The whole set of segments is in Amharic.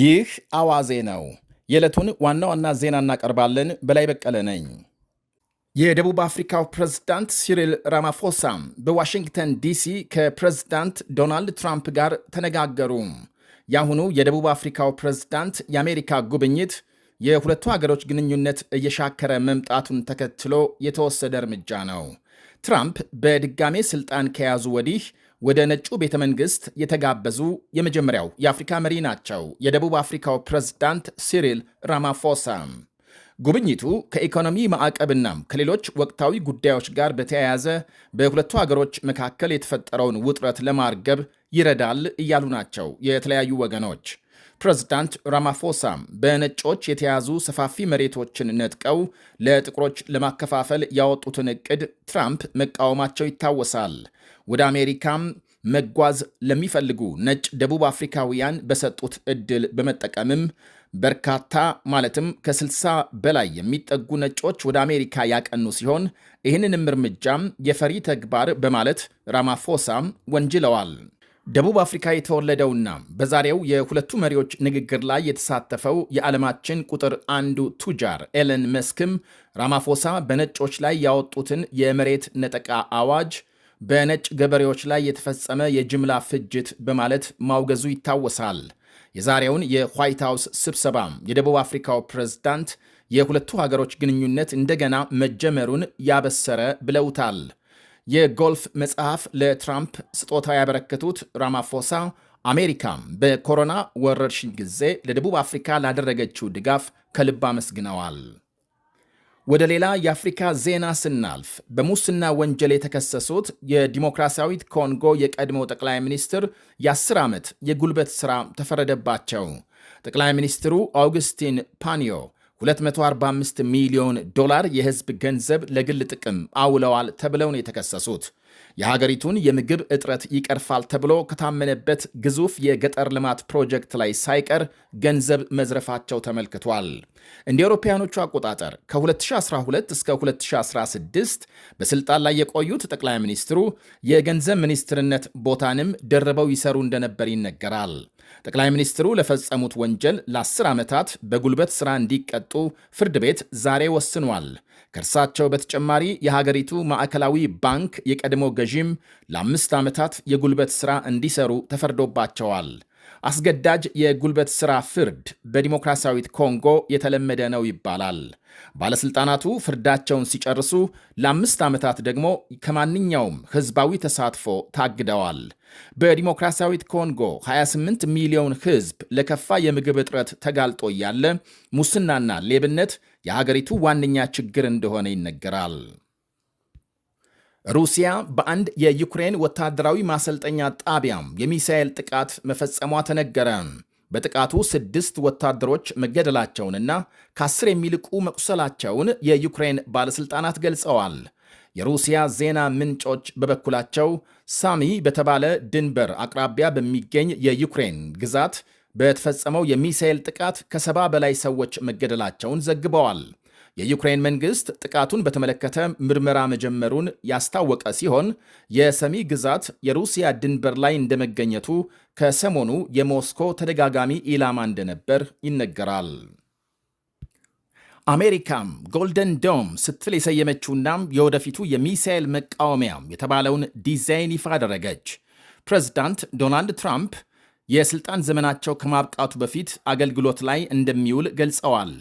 ይህ አዋዜ ነው። የዕለቱን ዋና ዋና ዜና እናቀርባለን። በላይ በቀለ ነኝ። የደቡብ አፍሪካው ፕሬዝዳንት ሲሪል ራማፎሳ በዋሽንግተን ዲሲ ከፕሬዝዳንት ዶናልድ ትራምፕ ጋር ተነጋገሩ። የአሁኑ የደቡብ አፍሪካው ፕሬዝዳንት የአሜሪካ ጉብኝት የሁለቱ ሀገሮች ግንኙነት እየሻከረ መምጣቱን ተከትሎ የተወሰደ እርምጃ ነው። ትራምፕ በድጋሜ ስልጣን ከያዙ ወዲህ ወደ ነጩ ቤተ መንግስት የተጋበዙ የመጀመሪያው የአፍሪካ መሪ ናቸው፣ የደቡብ አፍሪካው ፕሬዝዳንት ሲሪል ራማፎሳ። ጉብኝቱ ከኢኮኖሚ ማዕቀብናም ከሌሎች ወቅታዊ ጉዳዮች ጋር በተያያዘ በሁለቱ አገሮች መካከል የተፈጠረውን ውጥረት ለማርገብ ይረዳል እያሉ ናቸው የተለያዩ ወገኖች። ፕሬዝዳንት ራማፎሳ በነጮች የተያዙ ሰፋፊ መሬቶችን ነጥቀው ለጥቁሮች ለማከፋፈል ያወጡትን እቅድ ትራምፕ መቃወማቸው ይታወሳል። ወደ አሜሪካም መጓዝ ለሚፈልጉ ነጭ ደቡብ አፍሪካውያን በሰጡት እድል በመጠቀምም በርካታ ማለትም ከ60 በላይ የሚጠጉ ነጮች ወደ አሜሪካ ያቀኑ ሲሆን ይህንንም እርምጃም የፈሪ ተግባር በማለት ራማፎሳም ወንጅለዋል። ደቡብ አፍሪካ የተወለደውና በዛሬው የሁለቱ መሪዎች ንግግር ላይ የተሳተፈው የዓለማችን ቁጥር አንዱ ቱጃር ኤለን መስክም ራማፎሳ በነጮች ላይ ያወጡትን የመሬት ነጠቃ አዋጅ በነጭ ገበሬዎች ላይ የተፈጸመ የጅምላ ፍጅት በማለት ማውገዙ ይታወሳል። የዛሬውን የዋይት ሃውስ ስብሰባ የደቡብ አፍሪካው ፕሬዝዳንት የሁለቱ ሀገሮች ግንኙነት እንደገና መጀመሩን ያበሰረ ብለውታል። የጎልፍ መጽሐፍ ለትራምፕ ስጦታ ያበረከቱት ራማፎሳ አሜሪካም በኮሮና ወረርሽኝ ጊዜ ለደቡብ አፍሪካ ላደረገችው ድጋፍ ከልብ አመስግነዋል። ወደ ሌላ የአፍሪካ ዜና ስናልፍ በሙስና ወንጀል የተከሰሱት የዲሞክራሲያዊት ኮንጎ የቀድሞ ጠቅላይ ሚኒስትር የ10 ዓመት የጉልበት ሥራ ተፈረደባቸው። ጠቅላይ ሚኒስትሩ አውግስቲን ፓኒዮ 245 ሚሊዮን ዶላር የህዝብ ገንዘብ ለግል ጥቅም አውለዋል ተብለው ነው የተከሰሱት። የሀገሪቱን የምግብ እጥረት ይቀርፋል ተብሎ ከታመነበት ግዙፍ የገጠር ልማት ፕሮጀክት ላይ ሳይቀር ገንዘብ መዝረፋቸው ተመልክቷል። እንደ አውሮፓውያኖቹ አቆጣጠር ከ2012 እስከ 2016 በስልጣን ላይ የቆዩት ጠቅላይ ሚኒስትሩ የገንዘብ ሚኒስትርነት ቦታንም ደርበው ይሰሩ እንደነበር ይነገራል። ጠቅላይ ሚኒስትሩ ለፈጸሙት ወንጀል ለአስር ዓመታት በጉልበት ሥራ እንዲቀጡ ፍርድ ቤት ዛሬ ወስኗል። ከእርሳቸው በተጨማሪ የሀገሪቱ ማዕከላዊ ባንክ የቀድሞ ገዥም ለአምስት ዓመታት የጉልበት ሥራ እንዲሰሩ ተፈርዶባቸዋል። አስገዳጅ የጉልበት ሥራ ፍርድ በዲሞክራሲያዊት ኮንጎ የተለመደ ነው ይባላል። ባለሥልጣናቱ ፍርዳቸውን ሲጨርሱ ለአምስት ዓመታት ደግሞ ከማንኛውም ሕዝባዊ ተሳትፎ ታግደዋል። በዲሞክራሲያዊት ኮንጎ 28 ሚሊዮን ሕዝብ ለከፋ የምግብ እጥረት ተጋልጦ እያለ ሙስናና ሌብነት የሀገሪቱ ዋነኛ ችግር እንደሆነ ይነገራል። ሩሲያ በአንድ የዩክሬን ወታደራዊ ማሰልጠኛ ጣቢያ የሚሳኤል ጥቃት መፈጸሟ ተነገረ። በጥቃቱ ስድስት ወታደሮች መገደላቸውንና ከአስር የሚልቁ መቁሰላቸውን የዩክሬን ባለሥልጣናት ገልጸዋል። የሩሲያ ዜና ምንጮች በበኩላቸው ሳሚ በተባለ ድንበር አቅራቢያ በሚገኝ የዩክሬን ግዛት በተፈጸመው የሚሳኤል ጥቃት ከሰባ በላይ ሰዎች መገደላቸውን ዘግበዋል። የዩክሬን መንግስት ጥቃቱን በተመለከተ ምርመራ መጀመሩን ያስታወቀ ሲሆን የሰሚ ግዛት የሩሲያ ድንበር ላይ እንደመገኘቱ ከሰሞኑ የሞስኮ ተደጋጋሚ ኢላማ እንደነበር ይነገራል። አሜሪካም ጎልደን ዶም ስትል የሰየመችውና የወደፊቱ የሚሳኤል መቃወሚያ የተባለውን ዲዛይን ይፋ አደረገች። ፕሬዚዳንት ዶናልድ ትራምፕ የሥልጣን ዘመናቸው ከማብቃቱ በፊት አገልግሎት ላይ እንደሚውል ገልጸዋል።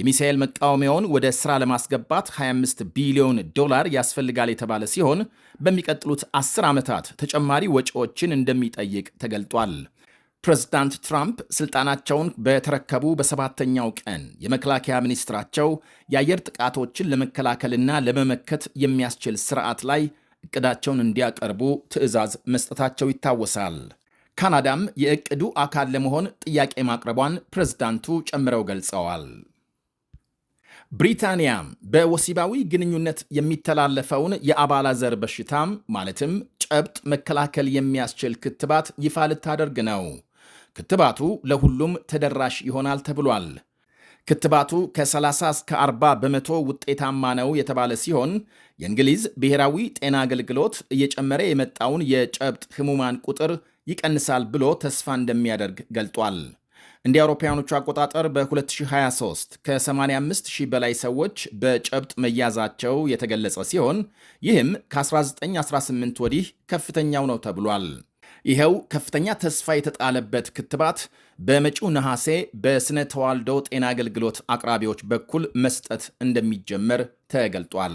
የሚሳኤል መቃወሚያውን ወደ ሥራ ለማስገባት 25 ቢሊዮን ዶላር ያስፈልጋል የተባለ ሲሆን በሚቀጥሉት 10 ዓመታት ተጨማሪ ወጪዎችን እንደሚጠይቅ ተገልጧል። ፕሬዚዳንት ትራምፕ ስልጣናቸውን በተረከቡ በሰባተኛው ቀን የመከላከያ ሚኒስትራቸው የአየር ጥቃቶችን ለመከላከልና ለመመከት የሚያስችል ስርዓት ላይ እቅዳቸውን እንዲያቀርቡ ትዕዛዝ መስጠታቸው ይታወሳል። ካናዳም የእቅዱ አካል ለመሆን ጥያቄ ማቅረቧን ፕሬዝዳንቱ ጨምረው ገልጸዋል። ብሪታንያ በወሲባዊ ግንኙነት የሚተላለፈውን የአባላ ዘር በሽታም ማለትም ጨብጥ መከላከል የሚያስችል ክትባት ይፋ ልታደርግ ነው። ክትባቱ ለሁሉም ተደራሽ ይሆናል ተብሏል። ክትባቱ ከ30 እስከ 40 በመቶ ውጤታማ ነው የተባለ ሲሆን የእንግሊዝ ብሔራዊ ጤና አገልግሎት እየጨመረ የመጣውን የጨብጥ ህሙማን ቁጥር ይቀንሳል ብሎ ተስፋ እንደሚያደርግ ገልጧል። እንደ አውሮፓውያኖቹ አቆጣጠር በ2023 ከ85 ሺህ በላይ ሰዎች በጨብጥ መያዛቸው የተገለጸ ሲሆን ይህም ከ1918 ወዲህ ከፍተኛው ነው ተብሏል። ይኸው ከፍተኛ ተስፋ የተጣለበት ክትባት በመጪው ነሐሴ በስነ ተዋልዶ ጤና አገልግሎት አቅራቢዎች በኩል መስጠት እንደሚጀመር ተገልጧል።